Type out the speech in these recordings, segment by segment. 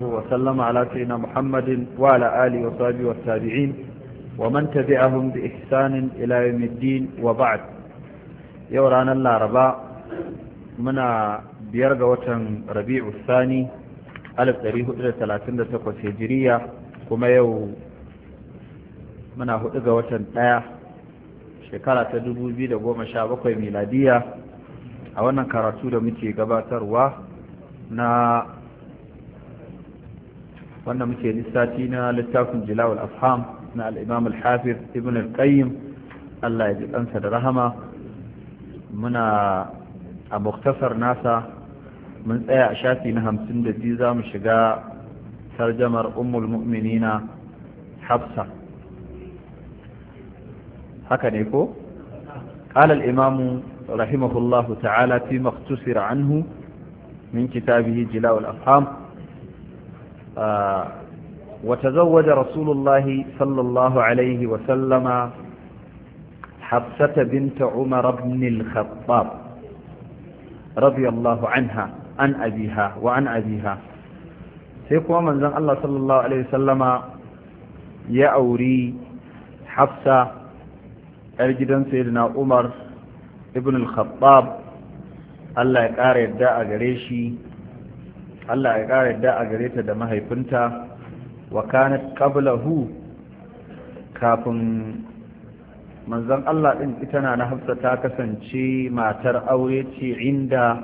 وسلم على سيدنا محمد وعلى آله وصحبه والتابعين ومن تبعهم بإحسان إلى يوم الدين وبعد يورانا العرباء منا بيرغ وطن ربيع الثاني ألف تاريخ إلى ثلاثين دسقة هجرية كما يو منا هدغ وطن آية شكالة تدبو بيدا قوم شابقة ميلادية أولا كاراتو دا متي قباتر و na وانا مكي لساتينا لتاكم جلاو الافحام مع الامام الحافظ ابن القيم الله يجب انسد رحمة منا مختصر ناسا من اي اعشاتي نهم سند ديزا مشقا ترجمر ام المؤمنين حفصة هكا نيكو قال الامام رحمه الله تعالى فيما اختصر عنه من كتابه جلاو الافحام وتزوج رسول الله صلى الله عليه وسلم حفصة بنت عمر بن الخطاب رضي الله عنها عن أبيها وعن أبيها سيكون من ذن الله صلى الله عليه وسلم يا أوري حفصة أرجدا سيدنا عمر ابن الخطاب الله يقارب داء قريشي Allah ya ƙara yadda a gare ta da mahaifinta wa kanat qablahu kafin manzon Allah ɗin ita na Hafsa ta kasance matar aure ce inda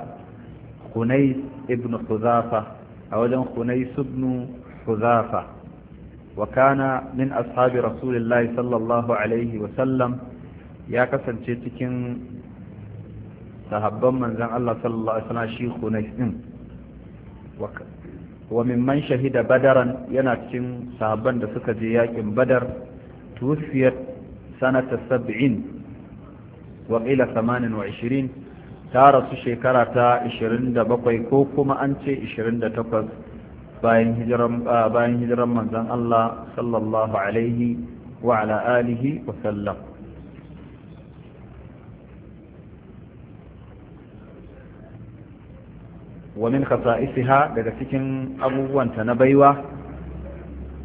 Hunais ibn Huzafa a wajen Hunais ibn Huzafa wa kana min ashabi Rasulullahi sallallahu alaihi wa sallam ya kasance cikin sahabban manzon Allah sallallahu alaihi wa sallam shi Hunais din. wa mimman shahida badaran yana cikin sahabban da suka je yakin badar tuwfiyat sanata 70 wa qila 28 ta rasu shekara ta 27 ko kuma an ce 28 bayan hijiran bayan hijiran manzon Allah sallallahu alaihi wa ala alihi wa sallam ومن خصائصها لذلكم أبو وانت تنبيوة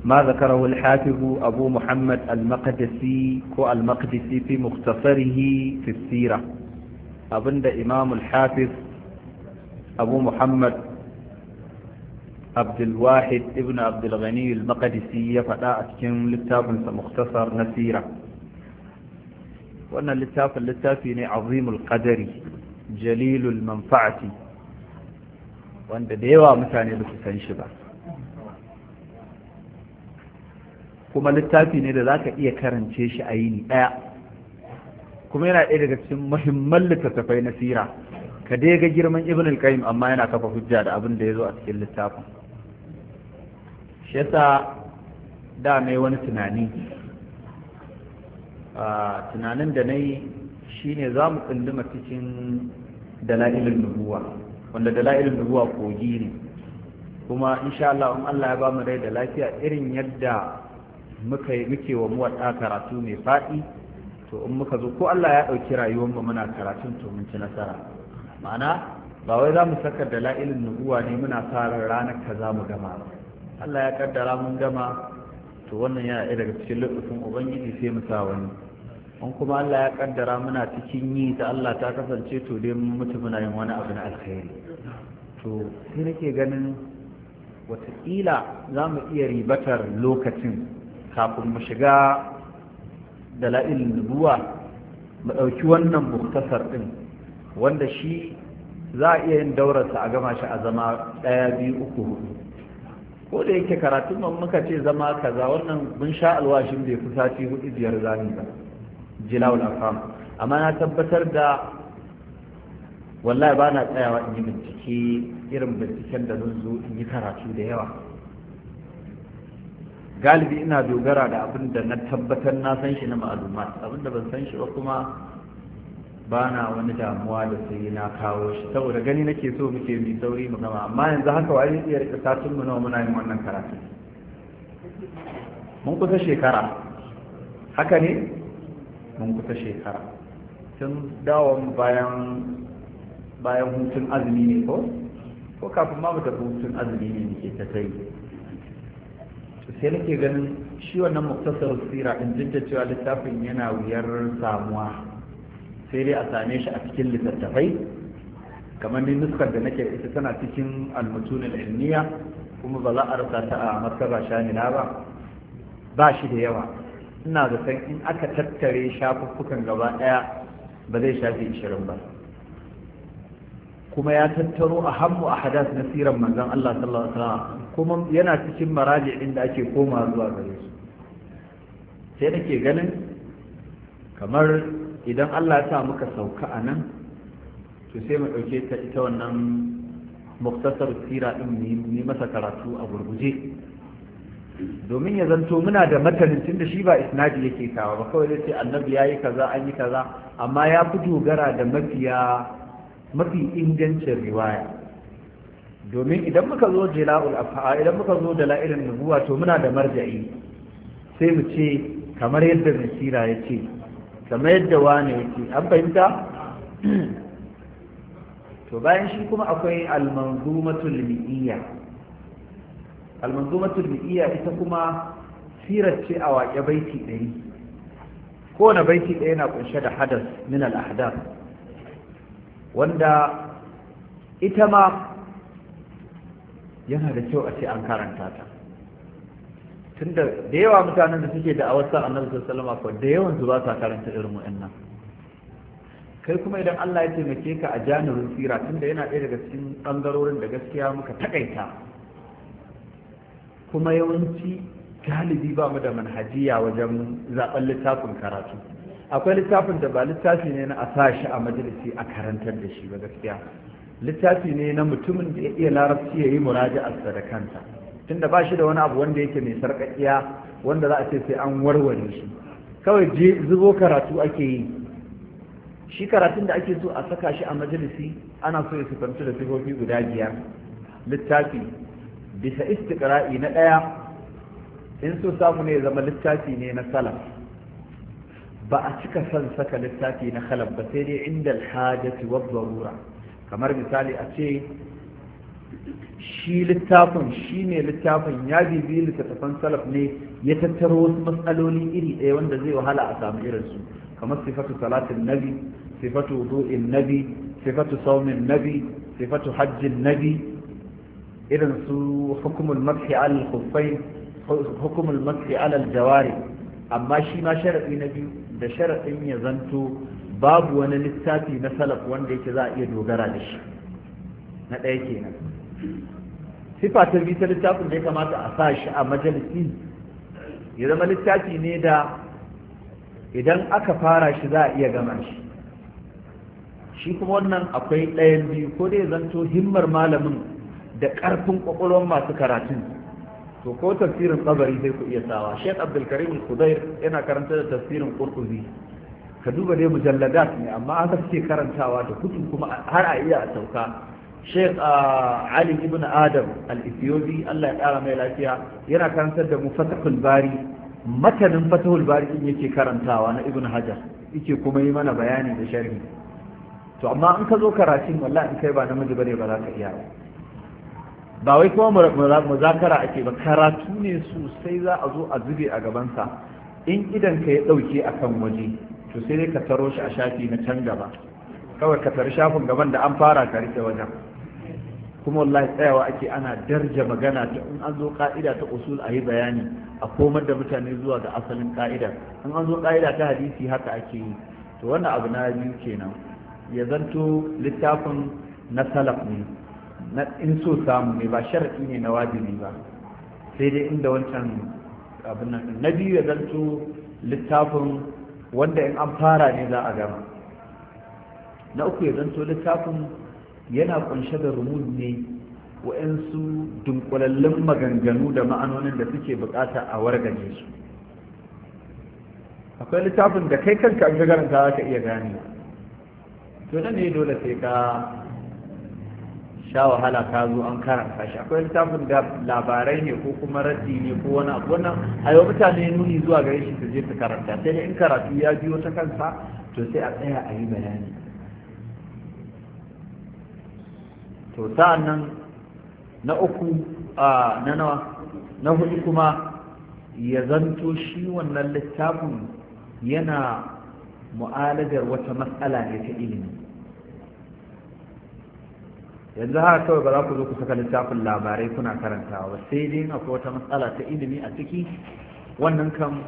ما ذكره الحافظ أبو محمد المقدسي كو المقدسي في مختصره في السيرة أبند إمام الحافظ أبو محمد عبد الواحد ابن عبد الغني المقدسي يفتاة كم لتاف مختصر نسيرة وأن لتاف لتافين عظيم القدر جليل المنفعة wanda da yawa mutane ba su san shi ba kuma littafi ne da za ka iya karance shi a yini ɗaya kuma yana ɗaya daga cikin muhimman littattafai na sira ka dai ga girman ibn al-qayyim amma yana kafa hujja da abin da ya zo a cikin littafin shi yasa da mai wani tunani tunanin da na yi shine za mu tsunduma cikin dala'ilin nubuwa wanda dalailin nubuwa kogi ne kuma insha Allah in Allah ya ba mu rai da lafiya irin yadda muka muke wa muwaɗa karatu mai faɗi to in muka zo ko Allah ya ɗauki rayuwar mu muna karatun to mun ci nasara ma'ana ba wai za mu saka dalailin nubuwa ne muna fara ranar kaza mu gama Allah ya kaddara mun gama to wannan yana daga cikin lubutun ubangiji sai mu sa wani an kuma Allah ya kaddara muna cikin yi ta Allah ta kasance to dai mutu muna yin wani abu na alkhairi to sai nake ganin wataƙila za mu iya ribatar lokacin kafin mu shiga dala'il nubuwa mu ɗauki wannan muktasar ɗin wanda shi za a iya yin daurarsa a gama shi a zama ɗaya biyu uku hudu ko da yake karatun muka ce zama kaza wannan mun sha alwashin bai fi sati hudu biyar zani ba jilawul afam amma na tabbatar da wallahi ba na tsayawa in yi bincike irin binciken da zan zo in yi karatu da yawa galibi ina dogara da abin da na tabbatar na san shi na ma'aluma abin da ban san shi ba kuma ba na wani damuwa da sai na kawo shi saboda gani nake so muke mai sauri mu gama amma yanzu haka wa iya rika satin mu nawa muna yin wannan karatu mun kusa shekara haka ne mun kusa shekara tun dawon bayan bayan hutun azumi ne ko ko kafin ma mu tafi hutun azumi ne ke ta kai sai nake ganin shi wannan muktasar sira in duk da cewa littafin yana wuyar samuwa sai dai a same shi a cikin littattafai kamar ni nuskar da nake ita tana cikin almutunin ilmiya kuma ba za a rasa ta a martaba na ba ba shi da yawa ina da san in aka tattare shafuffukan gaba ɗaya ba zai shafi ishirin ba kuma ya tattaro a hammu a hadas na siran manzan Allah sallallahu alaihi kuma yana cikin maraji inda ake koma zuwa gare su sai nake ganin kamar idan Allah ya sa muka sauka a nan to sai mu ɗauke ta ita wannan muktasar sira ɗin ne masa karatu a gurguje domin ya zanto muna da matanin da shi ba isnadi yake kawo ba kawai zai ce annabi yayi kaza an yi kaza amma ya fi dogara da mafiya mafi ingancin riwaya domin idan muka zo jila'ul afa'a idan muka zo da la'irin nubuwa to muna da marja'i sai mu ce kamar yadda nasira ya ce kamar yadda wani ya ce an fahimta to bayan shi kuma akwai almanzumatul mi'iyya almanzumatul mi'iyya ita kuma sirar ce a waƙe baiti ɗaya kowane baiti ɗaya na kunshe da hadas min al wanda ita ma yana da kyau a ce an karanta ta tunda da yawa mutanen da suke da awasa annabi sallallahu alaihi da yawan su ba sa karanta irin wannan kai kuma idan Allah ya taimake ka a janibin sira tunda yana ɗaya daga cikin bangarorin da gaskiya muka takaita kuma yawanci galibi ba mu da manhajiya wajen zaɓen littafin karatu akwai littafin da ba littafi ne na a sa shi a majalisi a karantar da shi ba gaskiya littafi ne na mutumin da ya iya larabci ya yi muraji'arsa da kanta tunda ba shi da wani abu wanda yake mai sarƙaƙiya wanda za a ce sai an warware shi kawai je zubo karatu ake yi shi karatun da ake so a saka shi a majalisi ana so ya sifanci da sifofi guda biyar littafi bisa istiqra'i na ɗaya in so samu ne zama littafi ne na salaf ba a cika son saka littafi na khalaf ba sai dai inda alhajati wa darura kamar misali a ce shi littafin shi ne littafin ya bibi littattafan salaf ne ya tattaro wasu matsaloli iri ɗaya wanda zai wahala a samu irinsu kamar sifatu salatin nabi sifatu wudu'in nabi sifatu saumin nabi sifatu hajjin nabi irin su hukumul mafi al kufai hukumul mafi al jawari amma shi ma sharadi na biyu da sharadin ya zanto babu wani littafi na salaf wanda yake za a iya dogara da shi na ɗaya kenan sifa ta biyu ta littafin da ya kamata a sa shi a majalisi ya zama littafi ne da idan aka fara shi za a iya gama shi shi kuma wannan akwai ɗayan biyu ko dai zanto himmar malamin da ƙarfin ƙwaƙwalwar masu karatun to ko tafsirin tsabari sai ku iya sawa shek abdulkarim kudair yana karanta da tafsirin ƙurƙuzi ka duba dai mujalladat ne amma an ke karantawa da kutu kuma har a iya a sauka shek ah, ali ibn adam al-ethiopi allah ya ƙara mai lafiya yana karantar da mu fatahul bari matanin fatahul bari din yake karantawa na ibn hajar yake kuma yi mana bayani da sharhi to amma in ka zo karatun wallahi in kai ba namiji bane ba za ka iya ba ba wai kuma muzakara ake ba karatu ne sosai za a zo a zube a gabansa in idan ka ya ɗauke a kan waje to sai dai ka taro shi a shafi na can gaba kawai ka tari shafin gaban da an fara ka rike wajen kuma wallahi tsayawa ake ana darja magana ta in an zo ka'ida ta usul a yi bayani a komar da mutane zuwa ga asalin ka'ida in an zo ka'ida ta hadisi haka ake yi to wannan abu na biyu kenan ya zanto littafin na salaf ne na in so samu ne ba sharaɗi ne na wajibi ba sai dai inda wancan abin nan na biyu ya zanto littafin wanda in an fara ne za a gama na uku ya zanto littafin yana kunshe da rumun ne wa'yansu dunkulallun maganganu da ma'anonin da suke bukata a wargaje su akwai littafin da kai kanka an garanta za ka iya gane to nan ne dole sai ka sha wahala ka zo an karanta shi akwai littafin da labarai ne ko kuma raddi ne ko wani abu wannan a yau mutane nuni zuwa gare shi su je su karanta sai dai in karatu ya biyo ta kansa to sai a tsaya a yi bayani to sa'an nan na uku a na nawa na hudu kuma ya zanto shi wannan littafin yana mu'alajar wata matsala ne ta ilimi yanzu haka kawai ba za ku zo ku saka littafin labarai kuna karantawa sai dai akwai wata matsala ta ilimi a ciki wannan kan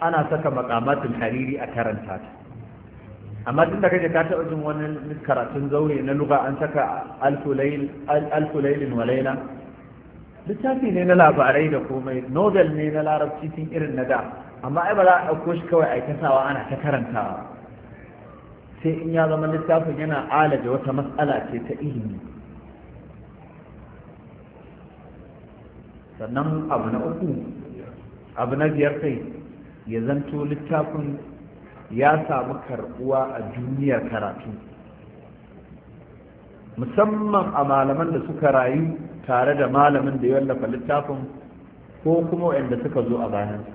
ana saka makamatin hariri a karanta ta amma tun da kake ka taɓa jin wani karatun zaure na luga an saka alfulailin walaila littafi ne na labarai da komai nobel ne na larabci tun irin na da amma ai ba za a ɗauko shi kawai aikatawa ana ta karantawa sai in ya zama littafin yana alaje wata matsala ce ta ilimi sannan abu na uku abu na biyar kai ya zanto littafin ya samu karbuwa a duniyar karatu musamman a malaman da suka rayu tare da malamin da ya wallafa littafin ko kuma waɗanda suka zo a bayansa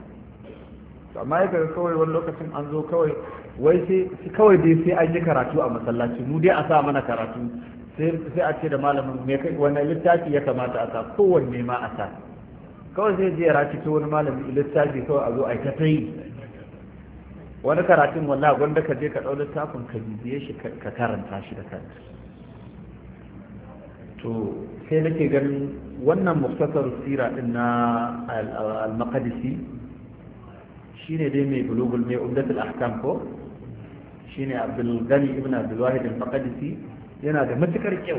to amma ya ga kawai wani lokacin an zo kawai wai sai kawai dai sai an yi karatu a masallaci mu dai a sa mana karatu sai a ce da malamin me kai wannan littafi ya kamata a sa kowanne ma a sa kawai sai je ya to wani malamin littafi kawai a zo a ta ta yi wani karatun wallah gwanda ka je ka ɗau littafin ka bibiye shi ka karanta shi da kanta to sai nake ganin wannan muktasar sira din na al-maqdisi shine dai mai bulugul mai umdatul ahkam ko shine abdul gani ibn abdul wahid al-faqadisi yana da matukar kyau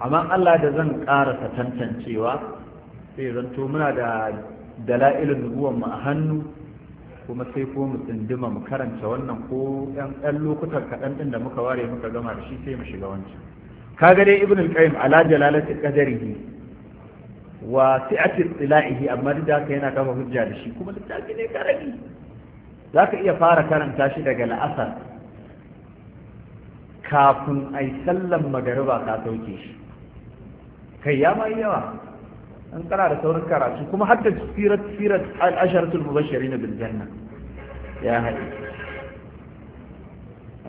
amma Allah da zan karasa tantancewa sai zanto muna da dala'ilin nubuwan mu a hannu kuma sai ko mu tsindima mu karanta wannan ko 'yan ɗan lokutan kaɗan ɗin da muka ware muka gama da shi sai mu shiga wancan kaga dai ibn al-qayyim ala jalalati qadarihi wa si'atir ilahi amma duk da haka yana kafa hujja da shi kuma littafi ne karami za iya fara karanta shi daga la'asar kafin a yi sallan magariba ka sauke shi kai ya mai yawa an kara da saurin karatu kuma har da sirat sirat al-asharatul mubashirin bil janna ya hadi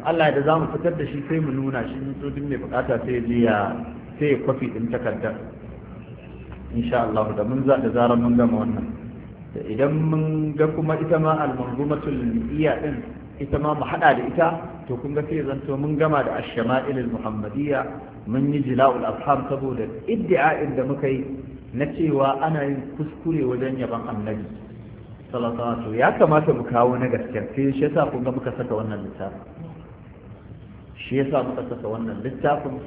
Allah da za fitar da shi sai mu nuna shi mutu mai bukata sai ya kwafi din takardar insha Allah da mun za da zarar mun gama wannan da idan mun ga kuma ita ma al-manzumatul iya din ita ma mu hada da ita to kun ga sai zanto mun gama da ash-shama'il al-muhammadiyya mun yi jila'ul afham saboda iddia'in da muka yi na cewa ana yin kuskure wajen yaban annabi sallallahu ya kamata mu kawo na gaskiya sai shi yasa kun ga muka saka wannan littafin shi yasa muka saka wannan littafin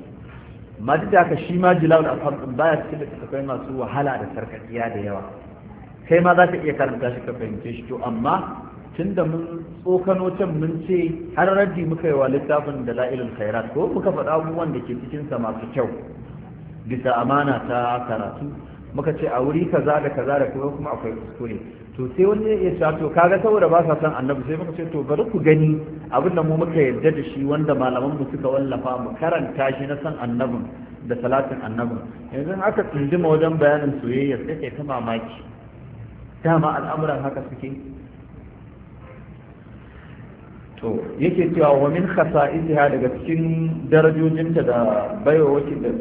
ma duk da aka shi ma jilawul afham ba baya cikin littattafai masu wahala da sarkakiya da yawa kai ma za ka iya karanta shi ka fahimce shi to amma tunda mun tsokano can mun ce har raddi muka yi wa littafin da la'ilul khairat ko muka faɗa abubuwan da ke sa masu kyau bisa amana ta karatu muka ce a wuri kaza da kaza da kuma akwai kuskure to sai wani ya ce to kaga saboda ba sa san annabi sai muka ce to bari ku gani abin da mu muka yarda da shi wanda malaman mu suka wallafa mu karanta shi na san annabin da salatin annabin yanzu aka tsindima wajen bayanin soyayya sai kai ta mamaki dama al'amuran haka suke to yake cewa wa min khasa'isiha daga cikin darajojinta da bayowakin da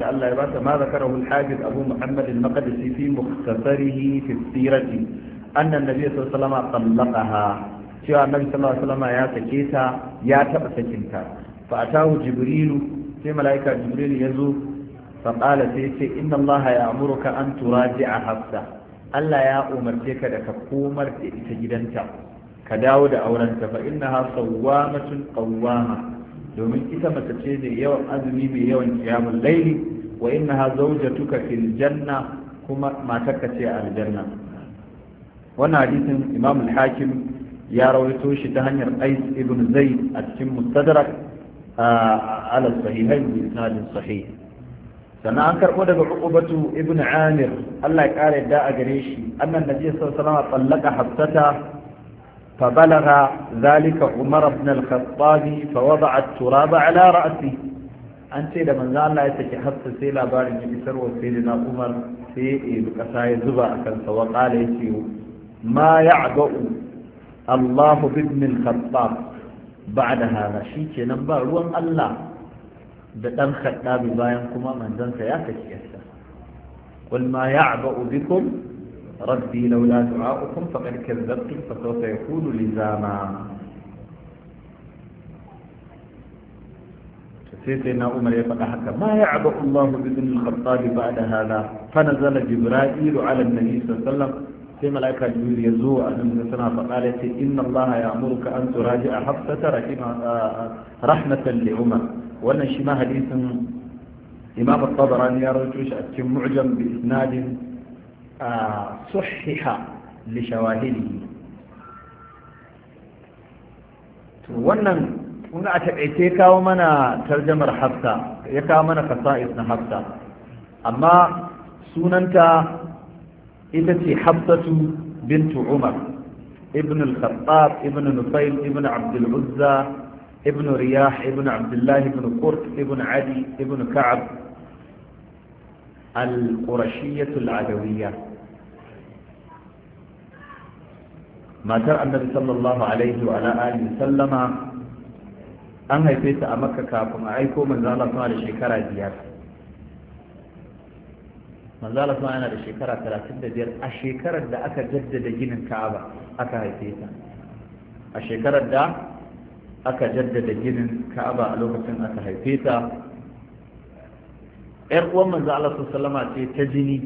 da Allah ya ba ta ma zakarahu al-hafiz Abu Muhammad al-Maqdisi fi mukhtasarihi fi sirati annan nabi sallallahu alaihi cewa annabi sallallahu alaihi ya sake ta ya taba sakin ta fa atahu jibrilu sai malaika jibrilu ya zo fa qala sai ce inna allaha ya'muruka an turaji'a hafsa Allah ya umarce ka da ka komar da ita gidanta ka dawo da aurenta fa innaha sawwamatun qawwama domin ita mace ce da yawan azumi mai yawan kiyamun laili wa innaha zawjatuka fil janna kuma matarka ce a aljanna wannan hadisin imam hakim ya rawaito shi ta hanyar ais ibn zaid a cikin mustadrak ala sahihain bi isnadin sahih sannan an karɓo daga uqubatu ibn amir Allah ya kare da a gare shi annan nabi sallallahu alaihi wasallam tsallaka hafsata fa balagha zalika umar ibn al-khattab fa wada'a at-turab ala ra'si an ce da manzo Allah ya saki hafsa sai labarin ya isar sai da umar sai ya kasa ya zuba akan sa wa qala yace ما يعبأ الله بابن الخطاب بعد هذا شيء نمبر روان الله بدن خطاب بايانكما من ذنك يا قل ما يعبأ بكم ربي لولا دعاؤكم فقد كذبتم فسوف يكون لزاما سيدنا عمر يفقه حكا ما يعبأ الله بابن الخطاب بعد هذا فنزل جبرائيل على النبي صلى الله عليه وسلم sai mala'ika jibril ya zo a nan suna faɗa da ce inna allaha ya amurka an turaji a hafsata rahmatan li umar wannan shi ma hadisin imam at-tabarani ya rawaito shi a cikin mu'jam bi isnadin sahiha li shawahidihi to wannan kun a taƙaice kawo mana tarjamar hafsa ya kawo mana fasa'is na hafsa amma sunanta ita ce hafsatu bintu umar ibn al-khattab ibn nufayl ibn abdul uzza ibn riyah ibn abdullah ibn qurt ibn adi ibn ka'ab al-qurashiyyah al matar annabi sallallahu alaihi wa alihi sallama an haife ta a makka kafin a aiko manzo Allah da shekara biyar manzala kuma yana da shekara 35 a shekarar da aka jaddada ginin ka'aba aka haife ta a shekarar da aka jaddada ginin ka'aba a lokacin aka haife ta yar uwan manzo Allah sallama ce ta jini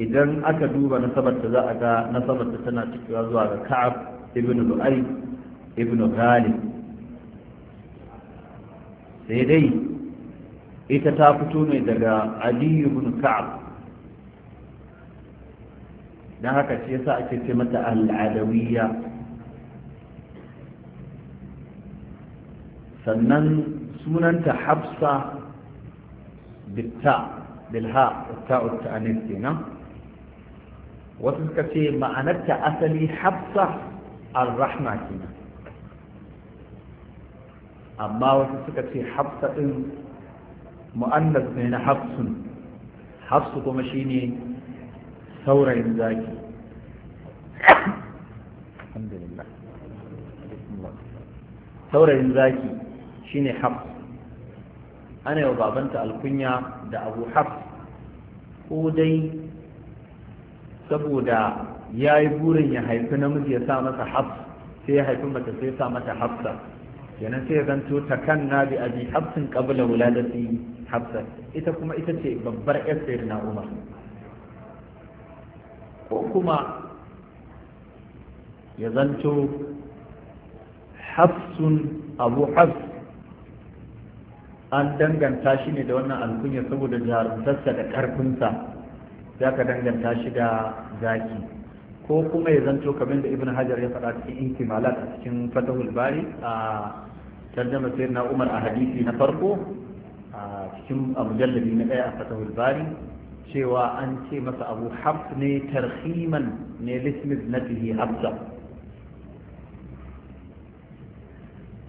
idan aka duba nasabar ta za a ga nasabar ta tana cikewa zuwa ga Ka'ab ibn Lu'ay ibn Ghalib sai dai ita ta fito ne daga Aliyu ibn Ka'ab don haka shi yasa ake ce mata al'adawiyya sannan sunanta hafsa bitta bilha ta'ud ta'anis kenan wasu suka ce ma'anarta asali hafsa ar-rahma kenan amma wasu suka ce hafsa din mu'annas ne na hafsun hafsu kuma shine saurayin zaki saurayin zaki shine haf ana yau babanta alkunya da abu haf ko dai saboda ya yi burin ya haifi namiji ya sa masa haf sai ya haifi mata sai ya sa mata hafsa kenan sai ya zanto ta kan na bi abi hafsin kabila wula da ita kuma ita ce babbar yasir na umar ko kuma ya zanto hafsun abu hafs an danganta shi ne da wannan alkunya saboda jarumtarsa da karfinsa za ka danganta shi da zaki ko kuma ya zanto kamar da ibn hajar ya faɗa cikin intimalat a cikin fatahul bari a tarjama na umar a hadisi na farko a cikin jallabi na ɗaya a fatahul bari cewa an ce masa abu hafs ne tarhiman ne lismid na bihi hafsa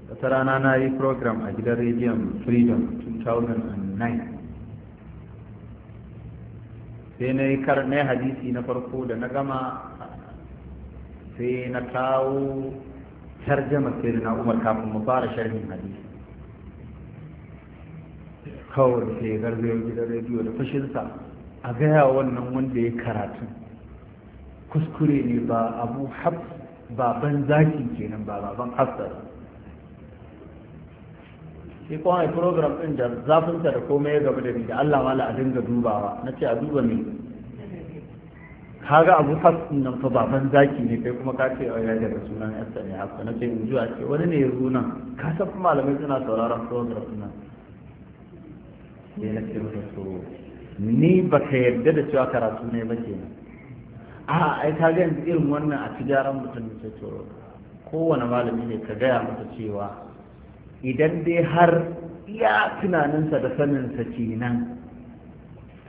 wata rana na yi program a gidan rediyon freedom 2009 sai na yi karnai hadisi na farko da na gama sai na kawo tarjama sai na umar kafin mu fara sharhin hadisi kawai sai garzayo gidan rediyo da fashinsa a gaya wannan wanda ya karatu kuskure ne ba abu hab baban zaki kenan ba baban hafsar sai kuma mai program ɗin da zafinsa da komai ya gaba da ni da Allah mala a dinga dubawa na ce a duba ne kaga abu hafsin nan fa baban zaki ne kai kuma ka ce a yaya daga sunan yasta ne hafsa na ce in ji a ce wani ne ya zo nan ka san malamai suna sauraron program nan ne na ce masa so ni ba ka yarda da cewa karatu ne ba kenan a ai ka ga yanzu irin wannan a tijaran mutum ta tsoro. kowane malami ne ka gaya masa cewa idan dai har ya tunaninsa da saninsa kenan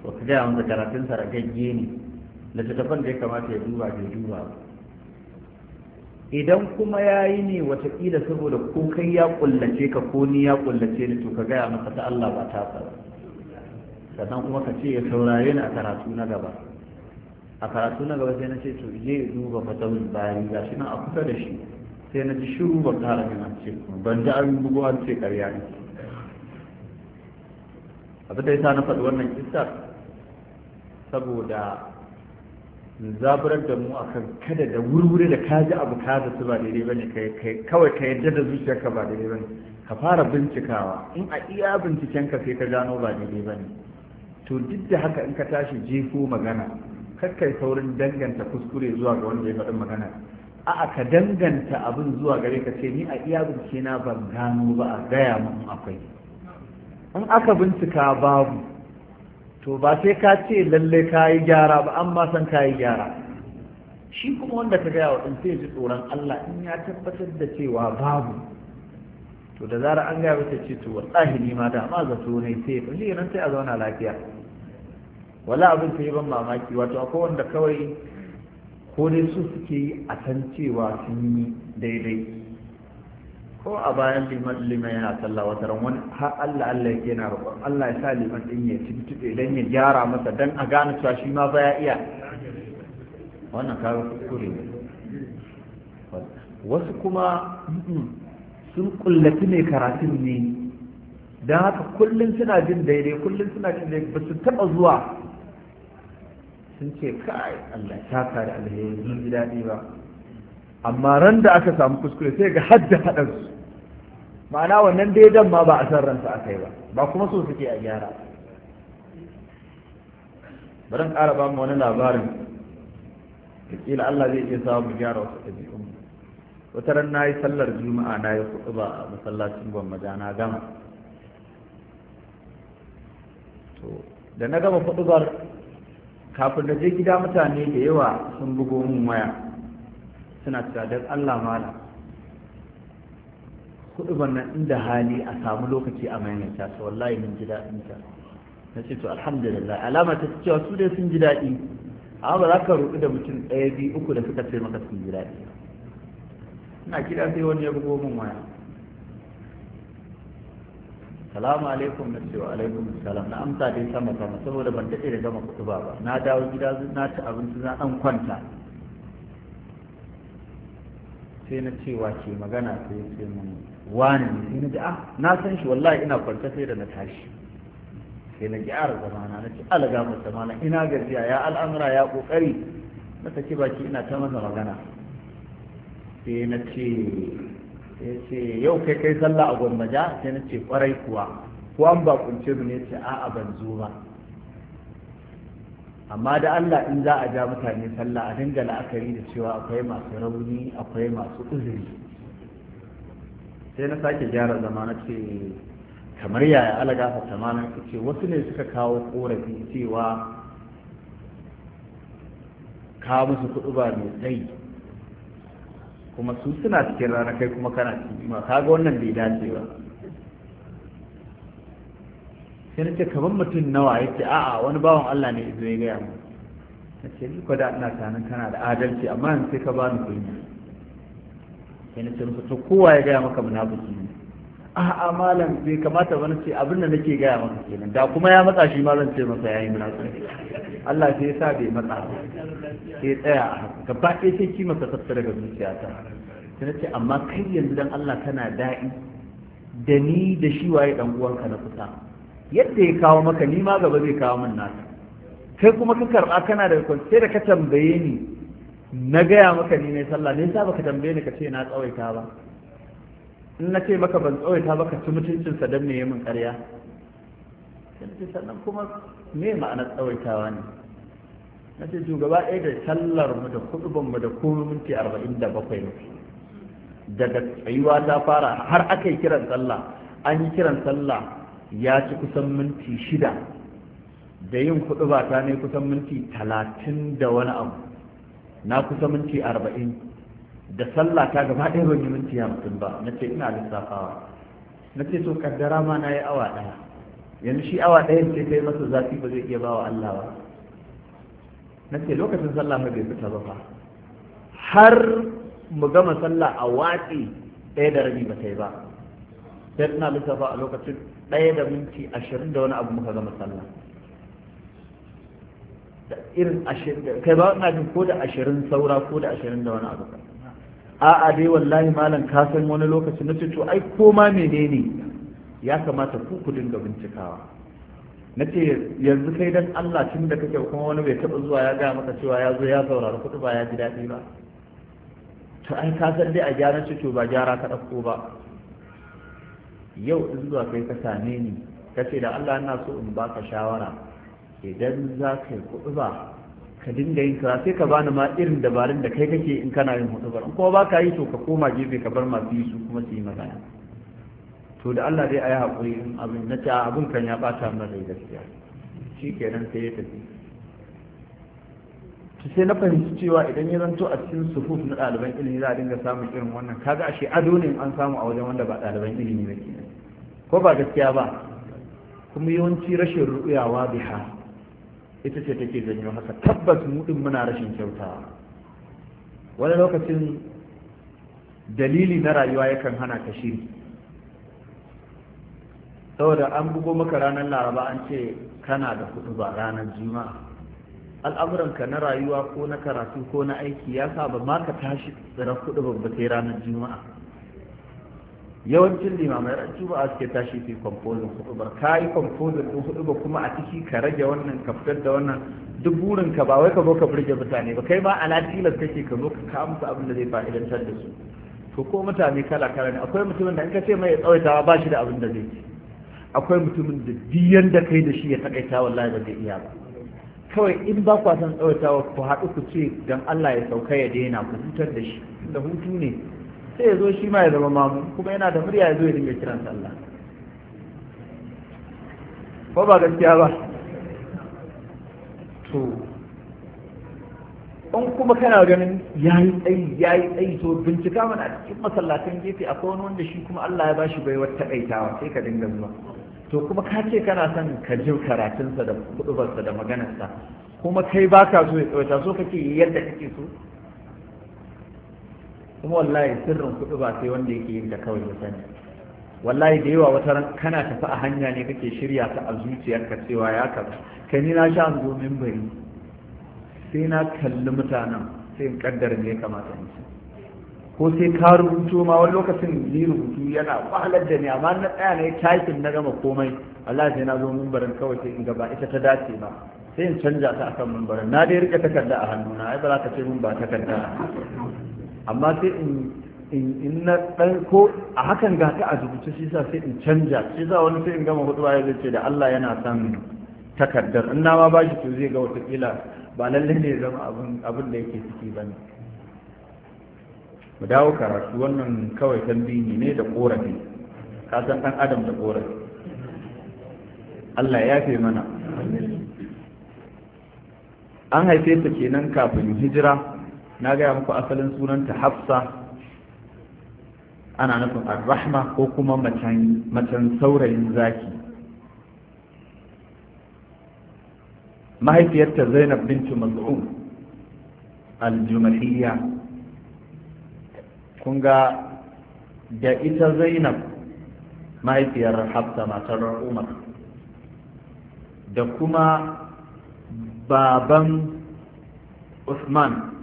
to ka gaya masa karatunsa ragagge ne da littattafan da ya kamata ya duba bai duba ba idan kuma ya yi ne watakila saboda ko kai ya kullace ka ko ni ya kullace ni to ka gaya masa ta Allah ba ta tsara sannan kuma ka ce ya saurare ni a karatu na gaba a karatu na gaba sai na ce to je duba fatawin bayan ga shi nan a kusa da shi sai na ji shiru ba ƙara min na ce ban ji abin bugu ce karya ne abu da yasa na faɗi wannan kisar saboda zaburar da mu akan kada da wurwuri da kaji abu ka da su ba daidai ba ne, kawai ka yadda da zuciyarka ba daidai ba ne, ka fara bincikawa in a iya bincikenka sai ka gano ba daidai ba ne. to duk da haka in ka tashi jefo magana kakkai saurin danganta kuskure zuwa ga wanda ya faɗi magana a'a ka danganta abin zuwa gare ka ce ni a iya bincike na ban gano ba a gaya mun akwai in aka bincika babu to ba sai ka ce lalle ka yi gyara ba amma san ka yi gyara shi kuma wanda ka gaya wa ɗin sai ji tsoron Allah in ya tabbatar da cewa babu to da zarar an gaya wata ce to wallahi ni ma da amma zato ne sai ya nan sai a zauna lafiya wala abin yi ban mamaki wato akwai wanda kawai ko dai su suke yi a san cewa sun yi daidai ko a bayan liman liman yana sallah wata ran wani har Allah Allah yake na roƙon Allah ya sa liman din ya tuntuɓe dan ya gyara masa dan a gane cewa shi ma baya ya iya wannan kaga kuskure ne wasu kuma sun kullaci ne karatun ne don haka kullum suna jin daidai kullum suna jin daidai ba su taɓa zuwa sun ce kai Allah ta kare alheri sun ji daɗi ba amma ran da aka samu kuskure sai ga hadda su ma'ana wannan dan ma ba a san ransa aka yi ba ba kuma so suke a gyara bari in ƙara ba mu wani labarin kila Allah zai iya samu gyara wasu ɗabi'un wata ran na yi sallar juma'a na yi kuɗi a masallacin gwamnati na gama to da na gama kudubar kafin da je gida mutane da yawa sun bugo mun waya suna tsadar allah mala kudu wannan inda hali a samu lokaci a maimaita su wallahi mun ji daɗin ta na ce to alhamdulillah alama ta cewa su dai sun ji daɗi amma ba za ka ruɗu da mutum ɗaya biyu uku da suka ce maka sun ji daɗi ina kira sai wani ya bugo min waya salamu alaikum na cewa alaikum salam na amsa dai sama sama saboda ban daɗe da gama kutuba ba na dawo gida na ci abinci na ɗan kwanta sai na cewa ke magana sai ce mun wani ne sai na ji ah na san shi wallahi ina kwanta sai da na tashi sai na gyara zamana na ce alaga mu zamana ina gajiya ya al'amura ya kokari na saki baki ina ta masa magana sai na ce ya ce yau kai kai sallah a gwammaja sai na ce kwarai kuwa ko an bakunce mu ne ce a'a ban zo ba amma da Allah in za a ja mutane sallah a dinga la'akari da cewa akwai masu rauni akwai masu uzuri sai na sake gyara zama na ce kamar yaya alagafa tamanin ce wasu ne suka kawo korafi cewa kawo musu kuɗi ba mai tsayi kuma su suna cikin rana kai kuma kana cikin ma kaga wannan bai dace ba sai na ce kamar mutum nawa ya a'a wani bawan Allah ne izo ya gaya mu na ce ni kwada ina tanin kana da adalci amma yanzu sai ka bani kunya sai na ce to kowa ya gaya maka munafiki a'a malam bai kamata ba ce abin da nake gaya maka kenan da kuma ya matsa shi malam ce masa yayi munafiki Allah sai ya sa bai matsa ba sai tsaya gaba ɗaya sai ki masa tattara daga ta sai ce amma kai yanzu dan Allah kana da'i da ni da shi waye dan uwanka na kusa yadda ya kawo maka ni ma gaba zai kawo min nasa. kai kuma ka karba kana da sai da ka tambaye ni na gaya maka ni ne sallah ne sa baka tambaye ni ka ce na tsawaita ba in na ce maka ban tsawaita baka ci mutuncinsa don me min ƙarya sai sannan kuma me ma'anar tsawaitawa ne na ce shugaba ɗaya eh, da sallar mu da kuɗuban mu da kuma minti arba'in da bakwai ne daga tsayuwa ta fara har aka yi kiran sallah an yi kiran sallah ya ci kusan minti shida da yin kuɗuba ta ne kusan minti talatin da wani abu na kusa minti arba'in da sallah ta gaba ɗaya ban yi minti hamsin ba na ce ina lissafawa na ce to kaddara ma na yi awa ɗaya yanzu shi awa ɗaya ce kai masa zafi ba zai iya ba wa Allah ba na ce lokacin sallah ma bai fita ba fa har mu gama sallah a watsi ɗaya da rabi ba ta yi ba sai ina lissafa a lokacin ɗaya da minti ashirin da wani abu muka gama sallah da irin ashirin kai ba wani jin ko da ashirin saura ko da ashirin da wani abu a'a dai wallahi malam ka san wani lokaci na ce to ai koma menene ya kamata ku ku dinga bincikawa na ce yanzu kai dan Allah tun da kake kuma wani bai taba zuwa ya gaya maka cewa ya zo ya saurari kuɗi ba ya ji daɗi ba to ai ka san dai a gyara ce to ba gyara ka ɗauko ba yau in zuwa kai ka same ni ka da Allah ina so in baka shawara idan za ka yi kuɗi ba ka dinga yin kira sai ka bani ma irin dabarun da kai kake in kana yin hutubar kuma ba ka yi to ka koma gefe ka bar ma biyu su kuma su yi magana to da Allah dai a yi haƙuri in abin na ta abin kan ya bata min rai gaskiya shi kenan sai ya tafi to sai na fahimci cewa idan ya zanto a cikin sufuf na ɗaliban ilimi za a dinga samun irin wannan kaga ashe ado ne an samu a wajen wanda ba ɗaliban ilimi ba kenan ko ba gaskiya ba kuma yawanci rashin ru'uyawa biha ita ce take janyo haka tabbas mu din muna rashin kyauta wani lokacin dalili na rayuwa yakan hana ka shiri saboda an bugo maka ranar laraba an ce kana da kudu ba ranar juma'a al'amuranka na rayuwa ko na karatu ko na aiki ya sa ba ma ka tashi tsirar kudu ba sai ranar juma'a yawancin limamai a juma'a suke tashi fi kwamfozin ba. ka yi kwamfozin ɗin ba kuma a ciki ka rage wannan ka fitar da wannan duk burin ka ba wai ka zo ka burge mutane ba kai ma ala tilas kake ka zo ka kawo musu abin da zai fa'idantar da su to ko mutane kala kala ne akwai mutumin da in ka ce mai tsawaitawa ba shi da abin da zai ci akwai mutumin da diyan da kai da shi ya takaita wallahi ba zai iya ba kawai in ba kwa san tsawaitawa ku haɗu ku ce dan Allah ya sauka ya daina ku hutar da shi da hutu ne sai ya zo shi ma ya zama mamu kuma yana da murya ya zo ya dinga kiran sallah ko ba gaskiya ba to in kuma kana ganin ya yi tsayi ya yi tsayi to bincika mana a cikin masallatan gefe akwai wani wanda shi kuma Allah ya ba shi baiwar taƙaitawa sai ka dinga zuwa to kuma ka ce kana son ka ji karatunsa da kuɗubarsa da maganarsa kuma kai baka ka so ya tsawaita so kake yadda kake so kuma wallahi sirrin kuɗi ba sai wanda yake yin da kawai ya sani wallahi da yawa wata kana tafi a hanya ne kake shirya ta a zuciyarka cewa ya kaza kai ni na sha zo bari sai na kalli mutanen sai in kaddara ne kamata in ko sai ka rubuto ma wani lokacin ni rubutu yana wahalar da ni amma na tsaya ne na gama komai Allah sai na zo mimbarin kawai sai in ga ba ita ta dace ba sai in canja ta akan mimbarin na dai rike takarda a hannuna ai ba za ka ce mun ba takarda amma sai in na ɗan ko a hakan ga ta a rubuce shi sa sai in canja shi sa wani sai in gama hudu ya zai ce da Allah yana san takardar in na ma ba shi to zai ga watakila ba lalle ne ya zama abin da yake ciki ba ne mu dawo karatu wannan kawai tambini ne da korafi ka san ɗan adam da korafi Allah ya fi mana an haife ta kenan kafin hijira na gaya muku asalin sunanta hafsa ana nufin Al-Rahma ko kuma macen saurayin zaki mahaifiyarta zainab binci maz'um aljumahiyya kun ga da ita zainab mahaifiyar hafsa matar umar da kuma baban usman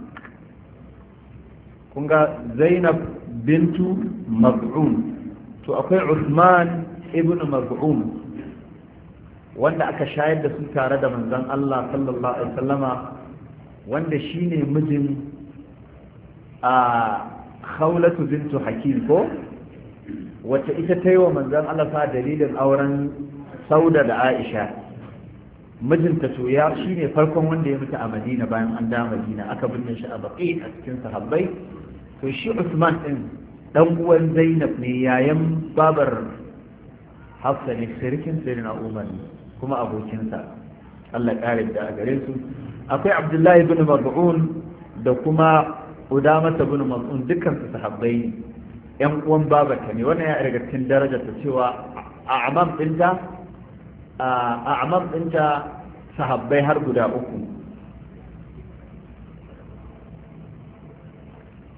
kun ga zainab bintu mab'un to akwai usman ibn mab'un wanda aka shayar da su tare da manzon Allah sallallahu alaihi wasallama wanda shine mijin a khawlatu bintu hakim ko wacce ita ta yi wa manzon Allah sa dalilin auren sauda da aisha mijinta to ya shine farkon wanda ya mutu a madina bayan an da madina aka binne shi a baki a cikin sahabbai to shi usman ɗin ɗan uwan zainab ne yayan babar hafsa ne sirkin sirina umar kuma abokinsa allah ƙarin da a gare su akwai abdullahi bin mar'un da kuma udamata bin mas'un dukkan su sahabbai ne Ƴan uwan babarta ne wannan ya daga cikin daraja ta cewa a amam ɗinta a amam ɗinta sahabbai har guda uku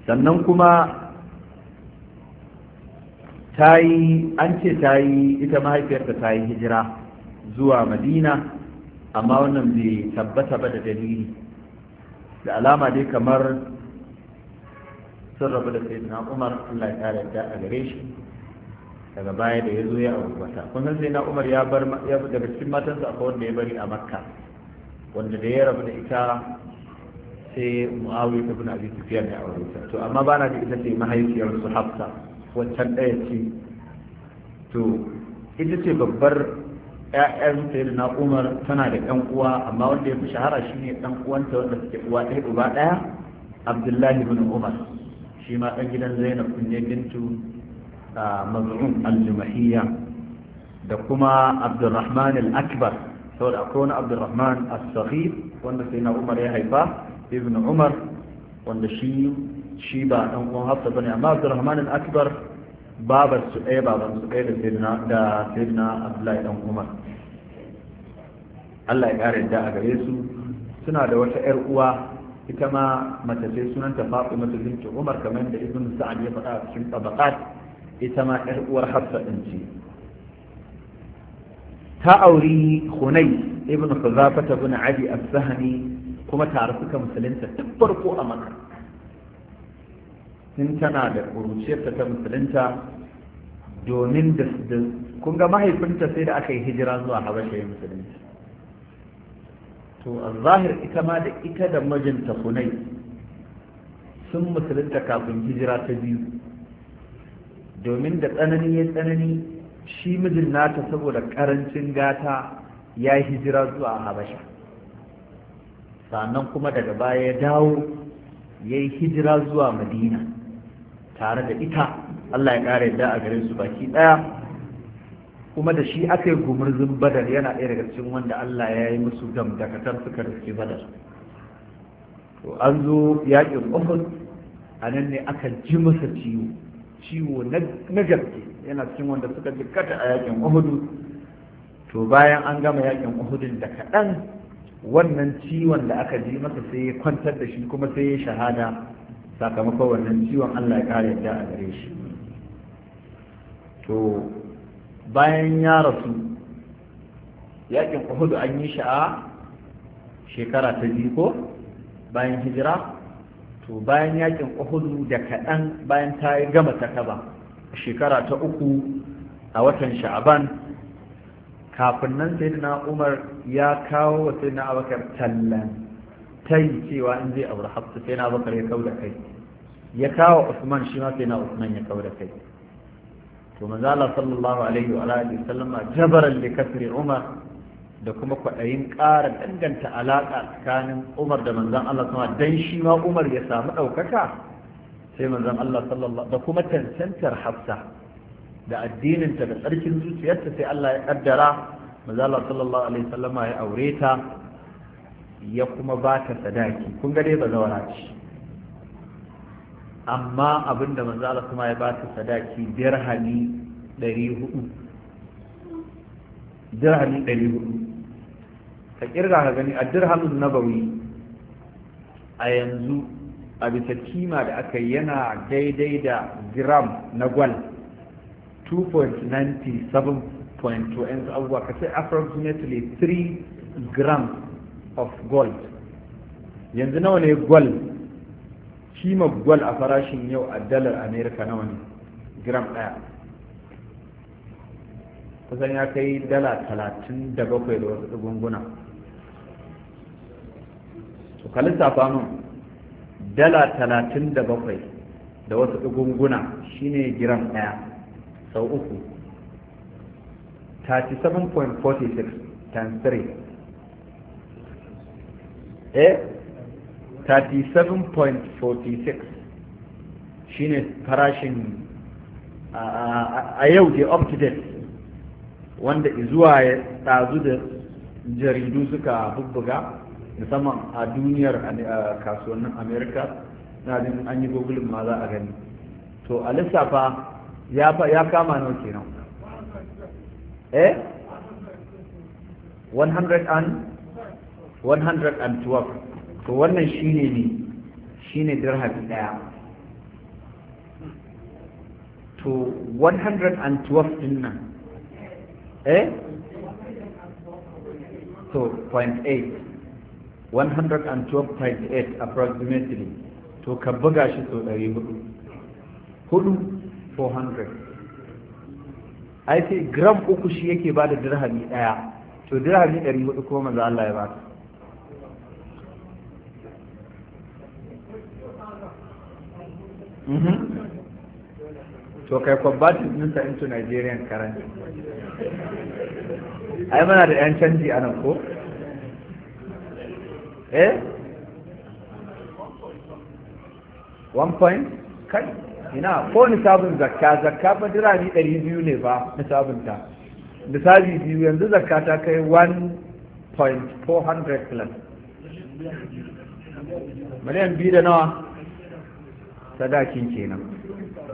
sannan kuma ta yi an ce ta yi ita mahaifiyarta ta yi hijira zuwa madina amma wannan bai tabbata ba da dalili da alama dai kamar sun rabu da sai na umar allah ya yarda a gare shi daga baya da ya zo ya wata kun san sai umar ya bar daga cikin matansa akwai wanda ya bari a makka wanda da ya rabu da ita sai muawiya ibn abi sufyan ya aure ta to amma ba na da ita ce mahaifiyar su hafsa wancan ɗaya ce to ita ce babbar ƴaƴan na umar tana da ɗan uwa amma wanda ya fi shahara ne ɗan uwanta wanda suke uwa ɗaya uba ɗaya abdullahi bin umar shi ma ɗan gidan zainab ne bintu maz'um al-jumahiyya da kuma abdurrahman al-akbar saboda akwai wani abdurrahman as saghir wanda sai na umar ya haifa ibn umar wanda shi shi ba ɗan uwan hafsa bane amma abdurrahman al-akbar babar su ɗaya baban su ɗaya da sayyidina da sayyidina abdullahi dan umar Allah ya kare da a gare su suna da wata ƴar uwa ita ma mace sai sunanta Fatima binti Umar kamar da Ibn Sa'ad ya faɗa a cikin tabaqat ita ma ƴar uwar Hafsa din ce ta auri Hunay ibn Khuzafah ibn Ali as-Sahmi kuma tare suka musulunta duk farko a maka tun tana da ƙuruciyarta ta musulunta domin da kun ga mahaifinta sai da aka yi hijira zuwa habasha ya musulunta to a zahir ita ma da ita da mijinta kunai sun musulunta kafin hijira ta biyu domin da tsanani ya tsanani shi mijin nata saboda karancin gata ya yi hijira zuwa habasha sannan kuma daga baya ya dawo ya yi hijira zuwa madina tare da ita allah ya ƙara yadda a gare su baki ɗaya kuma da shi aka yi gumurzun badar yana ɗaya daga cikin wanda allah ya yi musu gam dakatar suka rufe badar to an zo yaƙin uhud a nan ne aka ji masa ciwo ciwo na gaske yana cikin wanda suka jikkata a yaƙin uhudu to bayan an gama yaƙin uhudun da kaɗan wannan ciwon da aka ji masa sai ya kwantar da shi kuma sai ya shahada sakamakon wannan ciwon Allah ya kare da a gare shi to bayan ya rasu yakin Uhud an yi shi shekara ta biyu ko bayan hijira to bayan yakin Uhud da kaɗan bayan ta gama takaba shekara ta uku a watan sha'aban kafin nan sai na umar ya kawo wa sai na abakar tallan ta yi cewa in zai aure hafsa sai na abakar ya kau da kai ya kawo usman shi ma sai na usman ya kau da kai to manzo Allah sallallahu alaihi wa alihi sallama jabaran li kasri umar da kuma kwaɗayin ƙara danganta alaƙa tsakanin umar da manzan Allah sama dan shi ma umar ya samu ɗaukaka sai manzan Allah sallallahu da kuma tantantar hafsa da addininta da tsarkin zuciyarta sai Allah ya kaddara Allah sallallahu alaihi wasallama ya aure ta ya kuma ba ta sadaki kun ga dai ba zawara ce amma abinda Allah kuma ya ba ta sadaki dirhami 400 dirhami 400 ka kirga ka gani a dirhamin nabawi a yanzu a bisa kima da aka yana daidai da gram na gwal 2.97.2 and abubuwa ka sai approximately 3 grams of gold yanzu nawa ne gold kima gold a farashin yau a dalar america nawa ne gram daya kusan ya kai dala talatin da bakwai da wasu gunguna to ka lissafa dala talatin da bakwai da wasu gunguna shine giram ɗaya sau uku 37.46 times 3 eh 37.46 shine farashin a yau ke up to date wanda zuwa ya ɗazu da jaridu suka bubbuga musamman a duniyar kasuwannin america na an yi google ma za a gani to a lissafa ya kama nawa kenan eh 100 and 112 to wannan shi ne ne shi shine dirhami daya to 112 din nan eh to point 8 112.8 approximately to ka buga shi so 400 hudu 400 ai sai gram uku shi yake ba da dirhami daya. to dirhami 400 kuma manzo Allah ya ba ta mhm. to kai kwabbatin ninsa into Nigerian currency ai mana da yan canji a nan ko eh one point kai ina ko nisabin zakka zakka fa dirami ɗari biyu ne ba nisabin ta nisabi biyu yanzu zakka ta kai 1.400 plus miliyan biyu da nawa sadakin kenan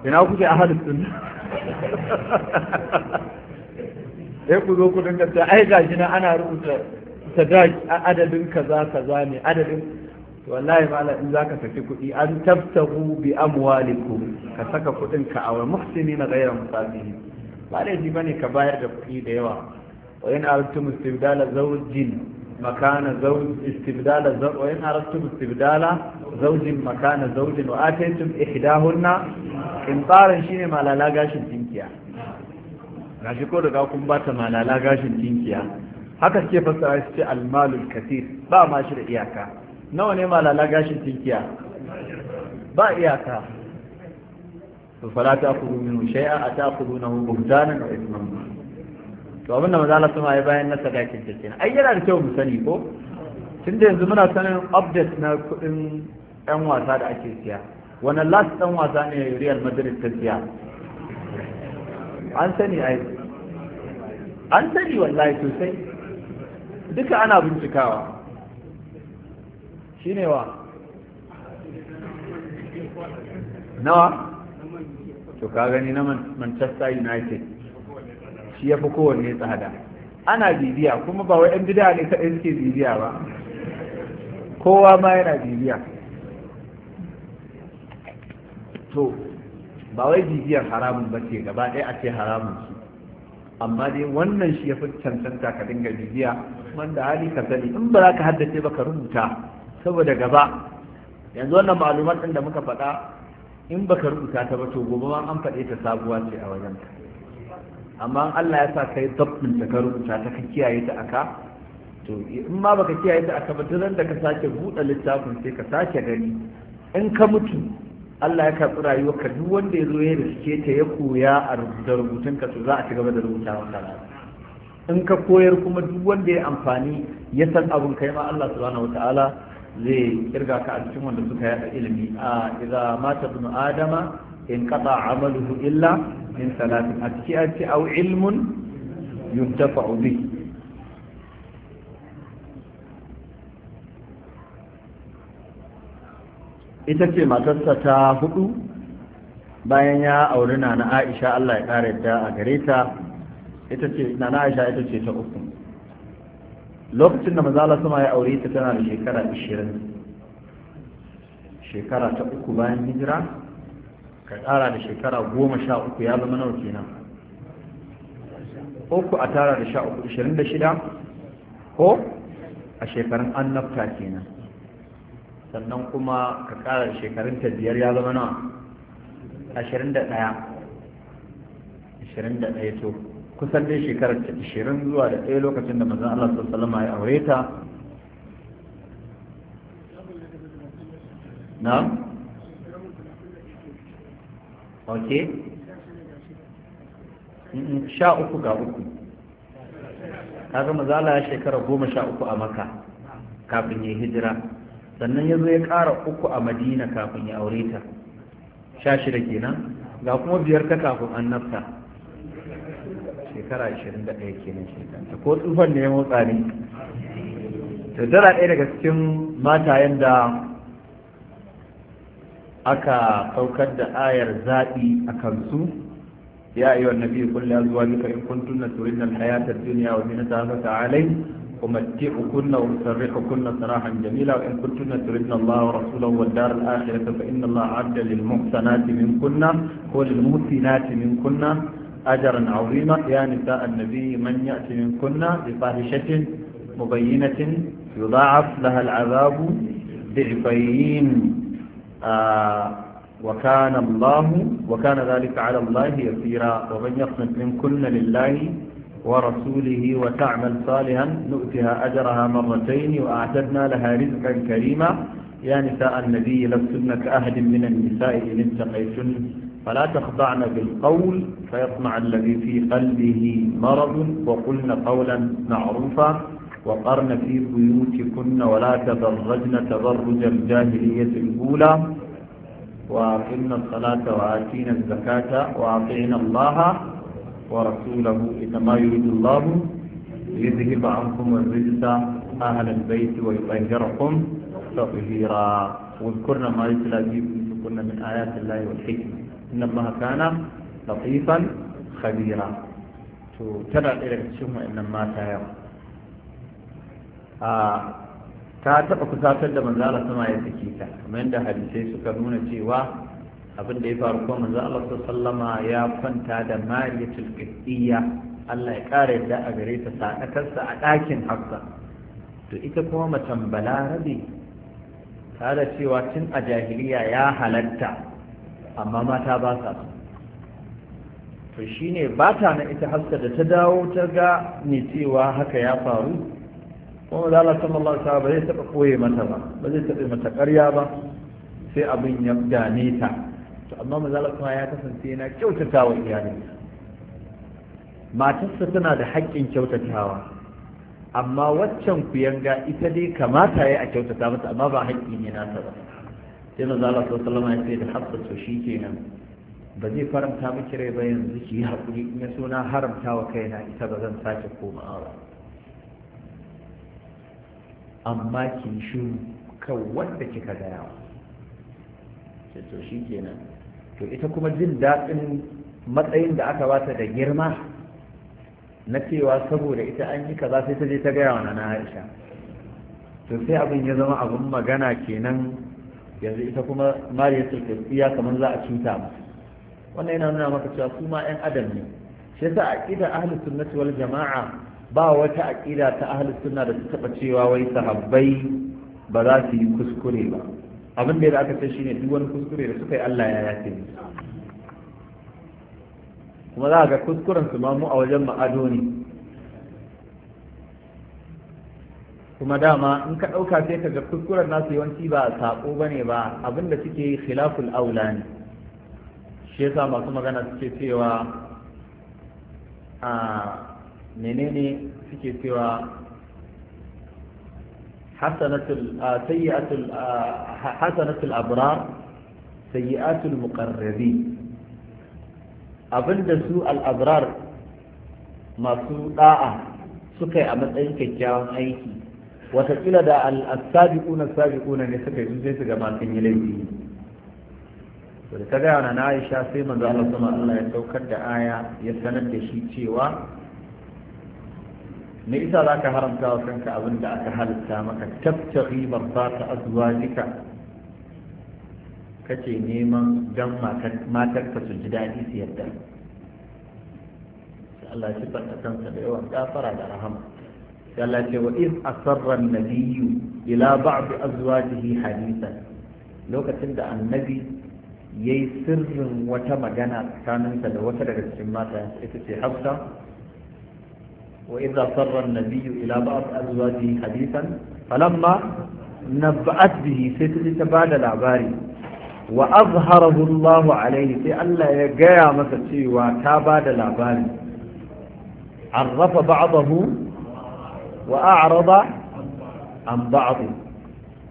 ina kuke a halittun sai ku zo ku dinga sai ai gashi na ana rubuta sadaki adadin kaza kaza ne adadin wallahi mala in zaka tafi kuɗi an tabtahu bi amwalikum ka saka kuɗin ka awal muhsini na ghayra musafihi ba ji bane ka bayar da kuɗi da yawa wa in aradtum istibdala zawjin makana zawj istibdala zawj wa in aradtum istibdala zawjin makana zawjin wa ataytum ihdahunna qintaran shine malala gashin tinkiya gashi ko daga kun bata malala gashin tinkiya haka suke fassara su ce almalul kathir ba ma shi da iyaka nawa ne malala gashin tilkiya ba iyaka to fala ta kudu min shay'a atakudu nahu buhtanan wa ithman to abin da maza Allah sun yi bayan na sadakin ta ai yana da kyau mu sani ko tun da yanzu muna sanin update na kudin yan wasa da ake siya Wani last dan wasa ne Real Madrid ta siya an sani ai an sani wallahi sosai duka ana bincikawa shine wa nawa to ka gani na manchester united shi ya fi kowanne tsada ana bibiya kuma ba wai 'yan bida ne kaɗai suke bibiya ba kowa ma yana bibiya to ba wai bibiyar haramun ba ce gaba ɗaya a ce haramun su amma dai wannan shi ya fi cancanta ka dinga bibiya wanda hali ka sani in ba za ka haddace ba ka rubuta saboda gaba yanzu wannan malumar ɗin da muka faɗa in ba ka rubuta ta ba to gobe ma an faɗe ta sabuwa ce a wajen amma Allah ya sa kai dabbin ta ka rubuta ta ka kiyaye ta aka to in ma baka kiyaye ta aka ba duk da ka sake buɗe littafin sai ka sake gani in ka mutu Allah ya karɓi ka duk wanda ya zo ya riske ta ya koya a rubuta rubutun ka to za a ci gaba da rubuta maka in ka koyar kuma duk wanda ya amfani ya san abin kai ma Allah subhanahu ta'ala zai kirga ka a cikin wanda suka yada ilimi a idza mata ibn adama in qata amaluhu illa min salatin a ciki a ce au ilmun yuntafa'u bi ita ce matarsa ta hudu bayan ya auri na na Aisha Allah ya kare ta a gare ta ita ce na na Aisha ita ce ta uku lokacin da mazala sama ya aure ta tana da shekara 20 shekara ta uku bayan hijira ka ƙara da shekara goma sha uku ya zama nawa kenan uku a tara da sha uku ishirin da shida ko a shekarun annabta kenan sannan kuma ka ƙara da shekarun ta biyar ya zama nawa ashirin da ɗaya ashirin da ɗaya to kusan dai shekarar ta ishirin zuwa da ɗaya lokacin da mazan Allah sallallahu alaihi ya aure ta na? ok sha uku ga uku kaga Allah ya shekara goma sha uku a maka kafin ya hijira sannan ya zo ya ƙara uku a madina kafin ya aure ta sha shida kenan ga kuma biyar ta kafin annabta shekara 21 kenan shekanta ko tsufan ne ya motsa ne da tana ɗaya daga cikin mata da aka saukar da ayar zaɓi a kansu ya wa annabi kulle la azwajika in kuntunna turidna al-hayata ad-dunya wa zinataha fa ta'alay أمتعكن وأسرحكن سراحا جميلا وإن كنتن تردن الله ورسوله والدار الآخرة فإن kunna ko للمحسنات منكن وللمحسنات kunna. أجرا عظيما يا نساء النبي من يأتي منكن بفاحشة مبينة يضاعف لها العذاب ضعفين آه وكان الله وكان ذلك على الله يسيرا ومن يقنط منكن لله ورسوله وتعمل صالحا نؤتها أجرها مرتين وأعتدنا لها رزقا كريما يا نساء النبي لستن كأهل من النساء إن اتقيتن فلا تخضعن بالقول فيطمع الذي في قلبه مرض وقلن قولا معروفا وقرن في بيوتكن ولا تبرجن تبرج الجاهلية الأولى وأقمنا الصلاة وآتينا الزكاة وأطعنا الله ورسوله إنما يريد الله ليذهب عنكم الرجس أهل البيت ويطهركم تطهيرا واذكرن ما يتلى في بيوتكن من آيات الله والحكمة inna allaha kana latifan khabira to tana ɗaya daga cikin wa'annan mata yau a ta taɓa kusatar da manzo Allah sama ya saki ta kamar yadda hadisai suka nuna cewa abin da ya faru kuma manzo Allah sallama ya kwanta da Mariyatul Qibtiyya Allah ya ƙara yadda a gare ta sadakarsa a ɗakin Hafsa to ita kuma macen Balarabe ta da cewa tun a jahiliya ya halatta amma mata ba sa to ne ba ta na ita haska da ta dawo ta ga ni cewa haka ya faru kuma da Allah sallallahu alaihi ba zai taɓa koye mata ba ba zai taɓa mata ƙarya ba sai abin ya gane ta to amma zala kuma ya kasance yana kyautatawa iyalinsa matarsa tana da haƙƙin kyautatawa amma waccan ku yanga ita dai kamata ya a kyautata mata amma ba haƙƙi ne nata ba sai manzo Allah sallallahu alaihi ya ce da hafsa to nan ba zai faranta miki rai ba yanzu ki yi hakuri in ya suna haramta wa kaina ita ba zan sake komawa ba amma ki shi kan wanda kika gaya wa to nan to ita kuma jin daɗin matsayin da aka bata da girma na cewa saboda ita an yi kaza sai ta je ta gaya wa na Aisha to sai abin ya zama abin magana kenan yanzu ita kuma mariya tulkisiya kamar za a cuta ba wannan yana nuna maka cewa su ma 'yan adam ne shi yasa aqida ahlus sunnati wal jama'a ba wata aqida ta ahlus sunna da ta taba cewa wai sahabbai ba za su yi kuskure ba abin da aka ce shine duk wani kuskure da suka yi Allah ya yafe kuma za a ga kuskuren su ma mu a wajen ma'ado ne kuma dama in ka ɗauka sai ka ga kuskuren nasu yawanci ba saƙo ba ne ba abinda suke yi khilaful aula ne shi yasa masu magana suke cewa a menene suke cewa hasanatul sayyi'atul sayi abrar sayyi'atul muqarrabi abinda su al'abrar masu ɗa'a suka yi a matsayin kyakkyawan aiki watakila da al-sabiquna sabiquna ne suka yi sai su ga ma yi laifi to da ta gaya na Aisha sai manzo Allah sama Allah ya saukar da aya ya sanar da shi cewa me isa za ka haramta wa kanka abin da aka halitta maka tabtaghi marzata azwajika kace neman dan matar ka su ji daɗi su yarda Allah ya tabbata kansa da yawan gafara da rahama Allah ce wa iz asarra nabiyyu ila ba'd azwajihi hadithan lokacin da annabi yayi sirrin wata magana tsakaninsa da wata daga cikin mata ita ce Hafsa wa iz asarra nabiyyu ila ba'd azwajihi hadithan falamma nabba'at bihi sai ta bada labari wa azharahu Allahu alaihi sai Allah ya gaya masa cewa ta bada labari arrafa ba'dahu وأعرض عن بعض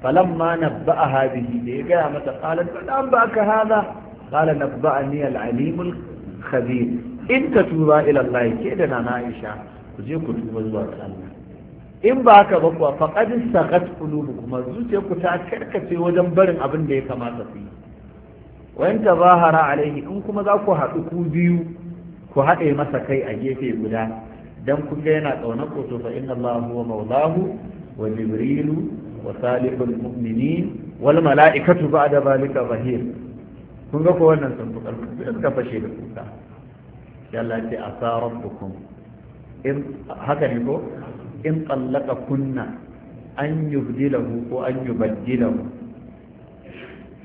فلما نبأها به بإقامة قالت من أنبأك هذا قال نبأني العليم الخبير إن تتوبا إلى الله كيدنا نائشة وزيك توبا زوار الله إن باك بقوا فقد استغت قلوبكم الزوت يكتا كركة وجنبر أبن ديك ما تفيه وإن تظاهر عليه إنكم ذاكوا هتكو ديو كهتي مسكي أجيكي بلان dan kun ga yana kaunar ku to fa inna Allah wa maulahu wa jibrilu wa salihul mu'minin wal mala'ikatu ba'da zalika zahir kun ga ko wannan sun fukar suka fashe da kuka ya Allah ce asa in haka ne ko in tsallaka kunna an yubdilahu ko an yubaddilahu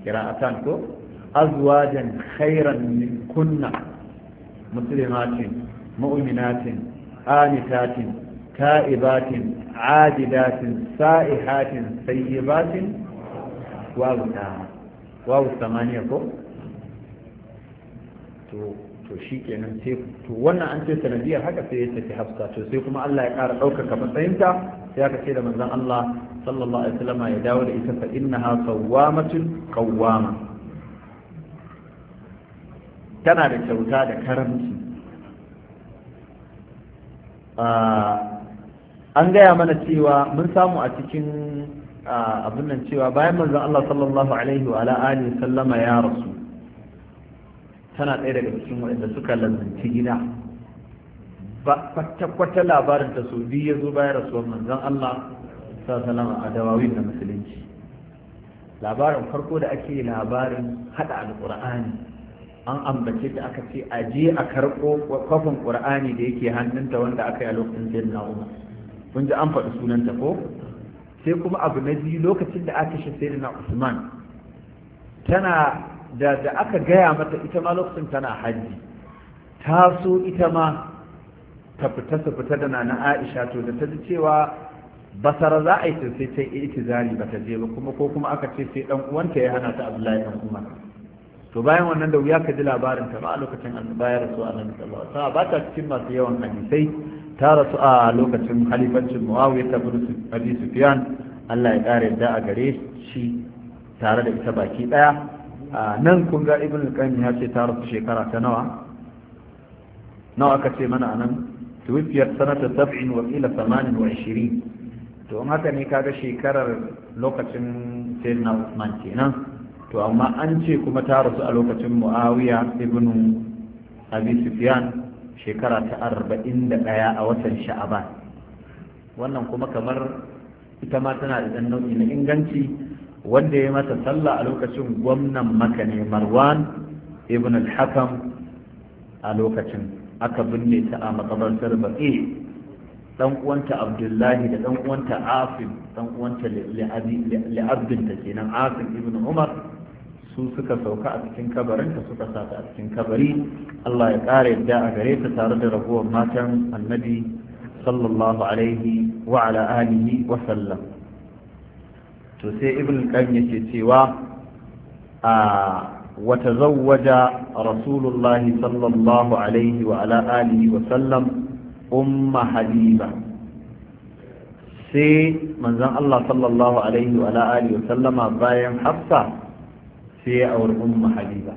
kira'atan ko azwajan khairan min kunna muslimatin mu'minatin qanitatin ta'ibatin abidatin sa'ihatin sayyibatin wawu ta wawu samaniya ko to to shi kenan sai to wannan an ce sanadiyar haka sai ya tafi hafsa to kuma Allah ya ƙara ɗaukaka matsayinta sai aka ce da manzon Allah sallallahu alaihi wasallam ya dawo da ita fa innaha tana da kyauta da karamci Ah, an gaya mana cewa mun samu a cikin ah, abin nan cewa bayan manzon Allah sallallahu alaihi wa alihi sallama ya rasu tana ɗaya daga cikin waɗanda suka lantarki gida ba kwata-kwata labarin ta so biyu ya zo bayan rasuwar manzon Allah sallallahu a dawawin da musulunci labarin farko da ake labarin hada alƙur'ani an ambace ta aka ce a je a karɓo kwafin ƙur'ani da yake hannunta wanda aka yi a lokacin sayin na'uma kun ji an faɗi sunanta ko sai kuma abu na biyu lokacin da aka shi sayin na usman tana da da aka gaya mata ita ma lokacin tana hajji ta so ita ma ta fita su fita da na aisha to da ta ji cewa basara za a yi sai ta yi itizari ba ta je ba kuma ko kuma aka ce sai dan uwanta ya hana ta abdullahi dan umar to bayan wannan da wuya ka ji labarin ta ba a lokacin bayar rasu a nan sallallahu alaihi ba ta cikin masu yawan hadisai ta rasu a lokacin halifancin muawiya ta bin abi sufyan Allah ya kare da a gare shi tare da ita baki daya nan kun ga ibn al-qayyim ya ce ta rasu shekara ta nawa nawa aka ce mana anan tuwfiyat sanata 27 wa ila 28 to in haka ne kaga shekarar lokacin sayyidina Usman kenan to amma an ce kuma ta rasu a lokacin muawiya ibn abi sufyan shekara ta arba'in da ɗaya a watan sha'aban wannan kuma kamar ita ma tana da nau'i na inganci wanda ya mata sallah a lokacin gwamnan maka ne marwan ibn al-hakam a lokacin aka binne ta a makabartar baƙi dan uwanta abdullahi da dan uwanta afin dan uwanta li'abdin da kenan afin ibn umar su suka sauka a cikin kabarinta suka sata a cikin kabari Allah ya ƙara yadda a gare ta tare da raguwar matan annabi sallallahu alaihi wa ala alihi wa sallam to sai ibn qayyim yake cewa a wa tazawwaja rasulullah sallallahu alaihi wa ala alihi wa sallam umma habiba sai manzon Allah sallallahu alaihi wa ala alihi wa sallama bayan hafsa sai ya auri ummu habiba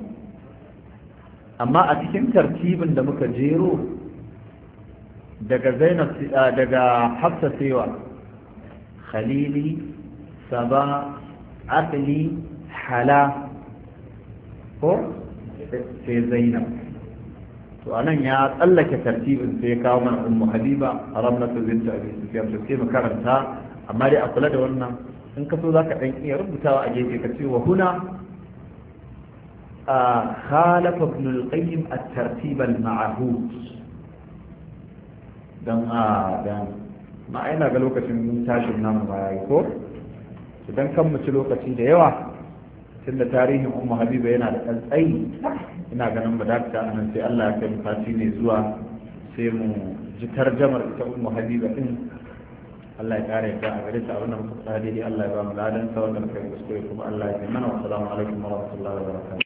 amma a cikin tartibin da muka jero daga zainab daga hafsa sewa khalili saba asli hala ko sai zainab to anan ya tsallake tartibin sai ya kawo mana ummu habiba ramnatu bint abi sufyan to sai mu karanta amma dai a kula da wannan in ka so zaka dan iya rubutawa a gefe ka ce wa huna خالف ابن القيم الترتيب المعهود دان دان ما dan a ga lokacin tashin namu ba yayi ko idan kan mu ci lokaci da yawa tunda tarihin umma habiba yana da ɗan ina ganin ba dakta anan sai Allah ya kai fasi ne zuwa sai mu ji tarjamar ita umma habiba din Allah ya kare ka a gare ta wannan mutum daidai Allah ya ba mu ladan sa wannan kai kuskure kuma Allah ya kai mana wa assalamu alaikum wa rahmatullahi wa barakatuh